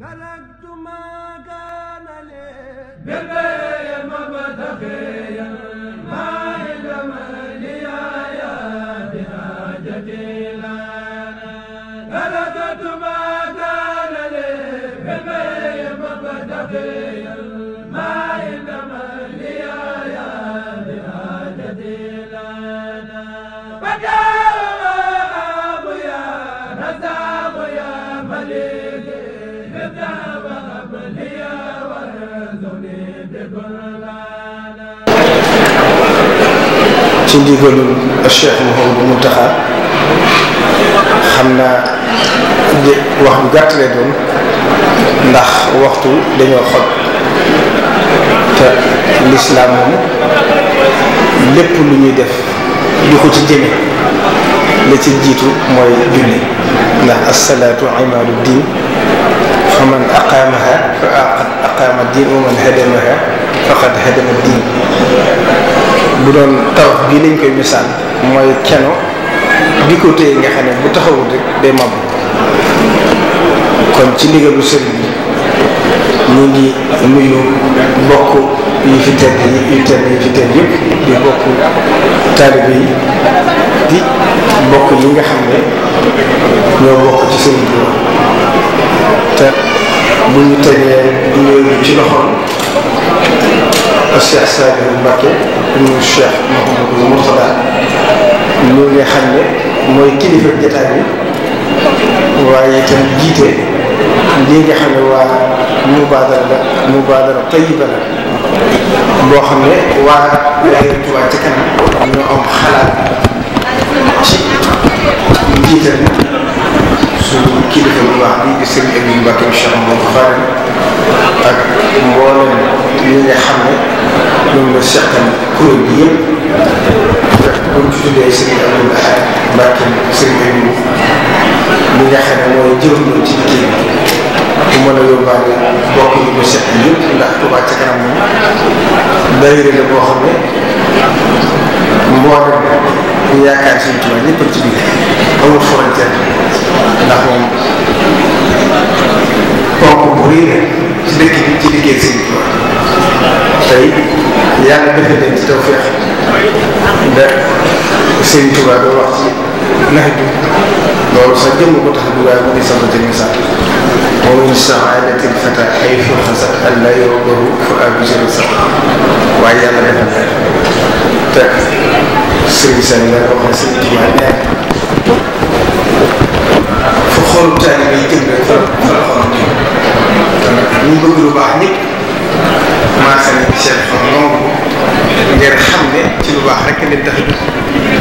تركت ما كان لي ci ndigalul Cheikh Mouhamadou Mountakha xam naa wax bu gàtt doon ndax waxtu dañoo xoj te lislaam moom lépp lu ñuy def di ko ci jëme la ci jiitu mooy julli ndax asalaatu imaadu diin faman aqaamaha fa aqaama diin wa man hadamaha faqad hadama diin bu doon tawax bii lañ koy misaal mooy keno bi ko téye nga xam ne bu taxawut rek day màbb kon ci ndigalu sëriñ bi ñu ngi nuyu bokk yi fi tedd yi tedd yi fi tedd yëpp di bokk yi nga xam ne ñoo bokk ci sëriñ bi te bu ñu tegee ñëw ci loxoom Cheikh Saliou Mbacké ñu Cheikh Mouhamadou Mourtada ñu nga xam ne mooy kilifa jotaay bi waaye itam jiite lii nga xam ne waa mubaadara la mubaadara tayiba la boo xam ne waa daayira Touba ca kanam ñoo am xalaat ci jiite bi suñu kilifa bu baax bi sëriñ Aliou Mbacke Cheikh Mamadou Fadel ak mboolem ñi nga xam ne ñoom la seqal kuréel bi yëpp bu ñu sëriñ Aliou Mbacke sëriñ Aliou mi nga xam ne mooy jëwriñu ci liggéey bi mu mën a yóbbaale bokk yi ko seq yëpp ndax Touba ñu yaakaar Sëriñ Tuubaa ñëpp ci biir amul frontière ndax moom ponk bu réer ci dëkk bi ci liggéey Sëriñ Tuubaa tey yàlla defe leen ci tawfeex da Sëriñ Tuubaa doo wax ci nax ju loolu sa jëmm ko tax du waaye mu ngi sama jëmm sax moom saadatil fata ay furxa sax allah yoo baru fa abusé sax waaye sëriñ Sane la ko waxee sëriñ Tuubaa nee na fa xoolu taalibe yi jëm rek fa fa la xool ñu bëgg lu baax ñëpp commencé nañ ci seen xol moom ngeen xam ne ci lu baax rek leen tax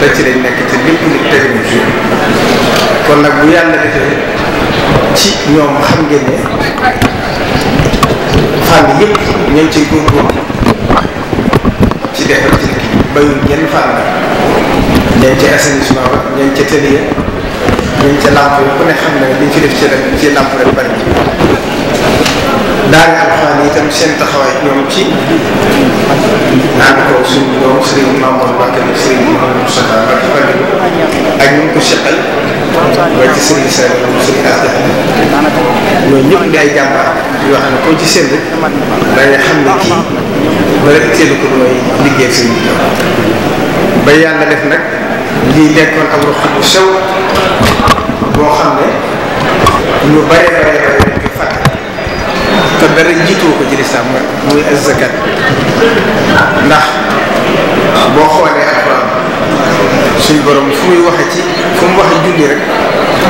a ci lañ nekk te lépp nit tegu ñu kon nag bu yàlla defee ci ñoom xam ngeen ne fànn yëpp ñoo ngi ciy góorgóorlu ci defar ci kii bayul ñenn fànn ñañ ca assainissement ba ñañ ca tëli ya ñañ ca làmp yi ne xam ne liñ ci def ci rek ci làmp rek bari daal alxuraan yi itam seen taxawaay ñoom ci naan ko suñu doom Serigne Mamour Bakary Serigne Mamour Moussa ak ñu ko seqal waaye ci seen i seen suñu kàddu ñoom yoo xam ne koo ci seen rek da xam ne kii ba rek teel def nag lii nekkoon am ruq bu sew boo xam ne ñu bare bare bare dañ koy fàtte te dara jiitoo ko ci lislaam muy ndax boo xoolee. suñu borom fu muy waxee ci fu mu waxee julli rek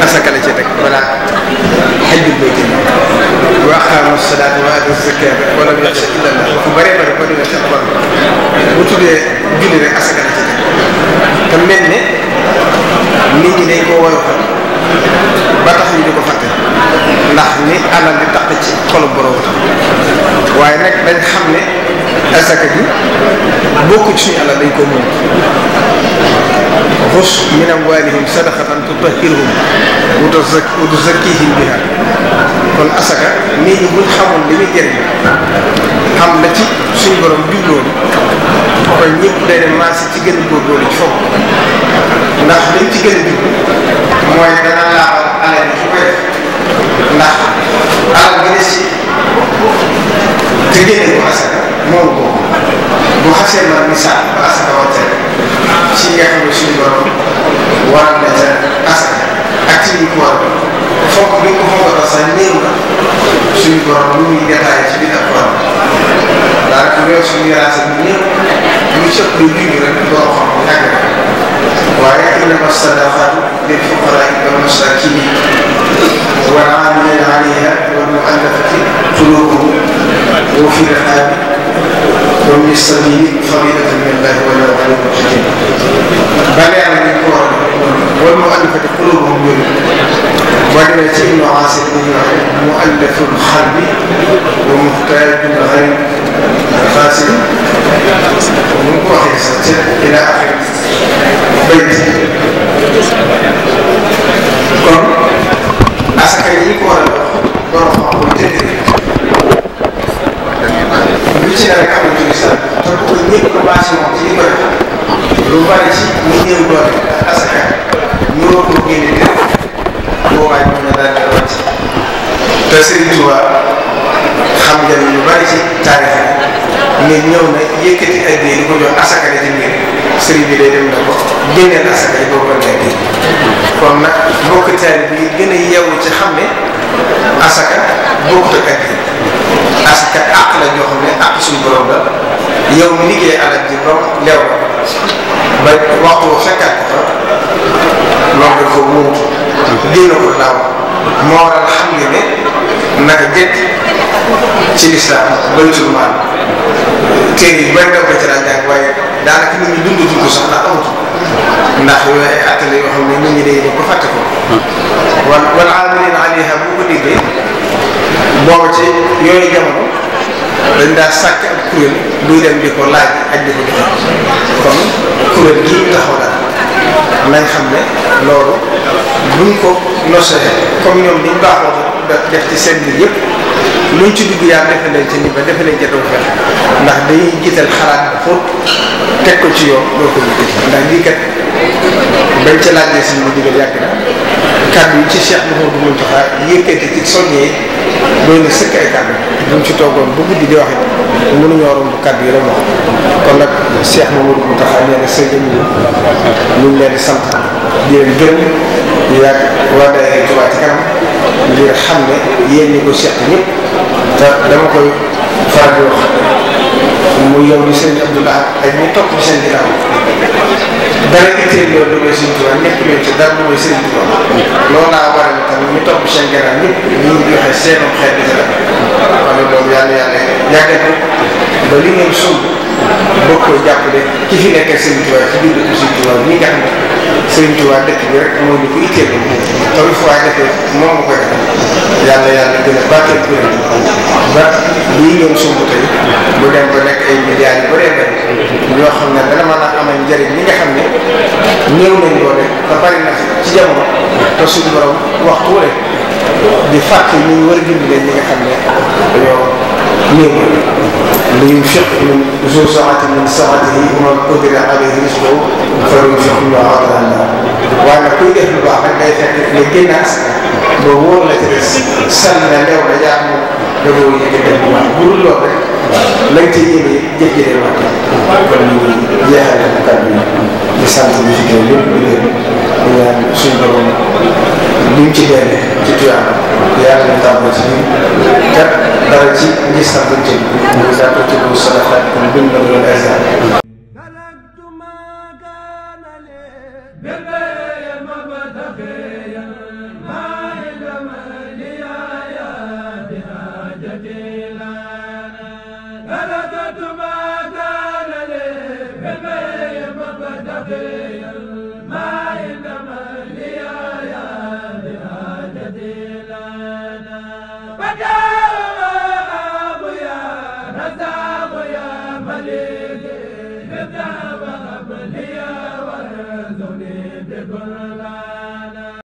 asaka ci teg voilà xel bi bay génn wa aqaamu salaata wa aatu zakaata wa lam yaxsha bu tuddee julli rek asaka la ci teg te mel ne nit ñi dañ koo woyo xol ba tax ñu di ko fàtte ndax ni alal di taq ci xolu borom waaye nag dañ xam ne asaka bi bokku ci alal dañ koo mën xus min amwalihim sadaqatan tutahhiruhum wa tuzakkihim biha kon asaka nit ñi buñ xamoon li muy jëriñ xam la ci suñu borom jubloon kon ñëpp day dem marché ci gën a góorgóorlu ci foog ndax liñ ci gën a jub mooy dana laabal alal bi su koy def ndax alal bi des te asaka moom ko bu xasee ma misaal ba asaka wàcce war na ca askan ak ci biir puudar foog bi ko foog a doon sax néew na suñu borom lu muy détaillé ci biir ak puudar daanaka réew suñu raasa bi néew lu cëpp lu jugee rek doo xam yàgg na waaye innama sadaqaatu lil fuqaraa wal masaakiin wal aamiliina alayhaa wal mu'allafati quluubuhum wa fi rriqaabi wa bni s-sabiili fariidatan min Allaahi wallahu aliimun wala mu ànd fa te xulul moom yooyu boo demee ci Ibnu Aasir bi ñu waxee mu allaful xalbi wa muxtaajul xayb xaasin mu ko waxee sax ca ila axir bayt kon asaka yi ko war a dox borom xam ko lu ci dara am na sax te ko ñëpp ko baasi moom ci li koy lu bari ci ñi néew doole asaka ñoo ko génne lépp boo waaj mën na daan dara wàcc te Serigne Touba xam nga lu bari ci taarix bi mais ñëw na yëkkati ay di ko jox asaka la ci biir Serigne bi day dem na ko génneel asaka yi boo ko nekkee kon nag mbokk taarix bi gën a yeewu ci xam ne asaka bokkut ak asaka àq la joo xam ne àq suñu borom la yow mi liggéey alal ji ba leew ba waxtu fekkaat ko génnagul laaw moo waral xam nga ne naka ci lislaam baytul maal téere yi bari daw ko ci daan jàng waaye daanaka nit ñi dundatul ko sax ndax amatul ndax yooyu ay attale yoo xam ne ko fàtte ko wal wal aamiliina alayha bu ko déggee booba ci yooyu jamono dañ daa sàkk ak kuréel buy dem di ko laaj ak di ko joxe kon kuréel gii taxaw daal nañ xam ne loolu buñ ko nosee comme ñoom liñ baaxoo def ci seen bi yëpp luñ ci dugg yaa defe nañ ci ni ba defe nañ ca ndax day jiital xalaat bu xóot teg ko ci yoon doo ko liggéey ndax lii kat bañ ca laajee suñu digal yàgg na kàddu yi ci Cheikh Mouhamadou Mountakha yëkkati ci soññee doy na sëkk ay kàddu buñ ci toogoon ba guddi di wax it mënuñoo romb kàddu yi rek wax kon nag Cheikh Mouhamadou Mountakha nee na sëriñ bi ñu ngi leen di sant di leen gërëm di yàgg waa daayira kanam ngir xam ne yéen ñi ko seq ñëpp te dama koy faral di wax muy yow di sëriñ Abdoulaye ak ñi topp seen ginnaaw dara itteel loolu lu may Sëriñ Tuubaa ñëpp ñëw ci dara lu may Sëriñ Tuubaa loolu laa waral tamit ñu topp seen gannaaw ñëpp ñu ngi joxe seen xeet di dara xam ne loolu yàlla yàlla yàggal ba li ngeen sumb boo koy jàppale ki fi nekkee Sëriñ Tuubaa ci biir dëkk Sëriñ Tuubaa ñi nga xam ne Sëriñ Tuubaa dëkk bi rek moo ñu ko itteel tawi fu waay defee moom koy yàlla yàlla gën a bàtteel kuréel ba lii ngeen sumb tey bu dem ba nekk ay milliards yu bëree bëri ñoo xam ne dana mën a amal njëriñ li nga xam ne néew nañ ko de te bari na ci jamono te suñu borom waxtu wu rek di fàtte ñu war a dimbalee ñi nga xam ne dañoo néew li yunfiq min zu sa'atin min sa'atihi wa man qudira alayhi rizquhu falyunfiq mimma aataahu Allah waaye nag kuy def lu baax rek day fekk ne génnaas ba wóor la ci des sànni na leew na yaa xam ne dafoo yéene dem bu baax bu dul lool rek lañ ca yéene jëf-jëfee wàllu kon ñu jeexal na kàddu yi di sant ñi fi teew ñëpp di leen di ñaan suñu borom li mu ci benn ci tuyaam yàlla ñu tàmbali ci ñun kat dara ci ngir sant ci ñu jàpp ci bu sadaxaat kon bind na doon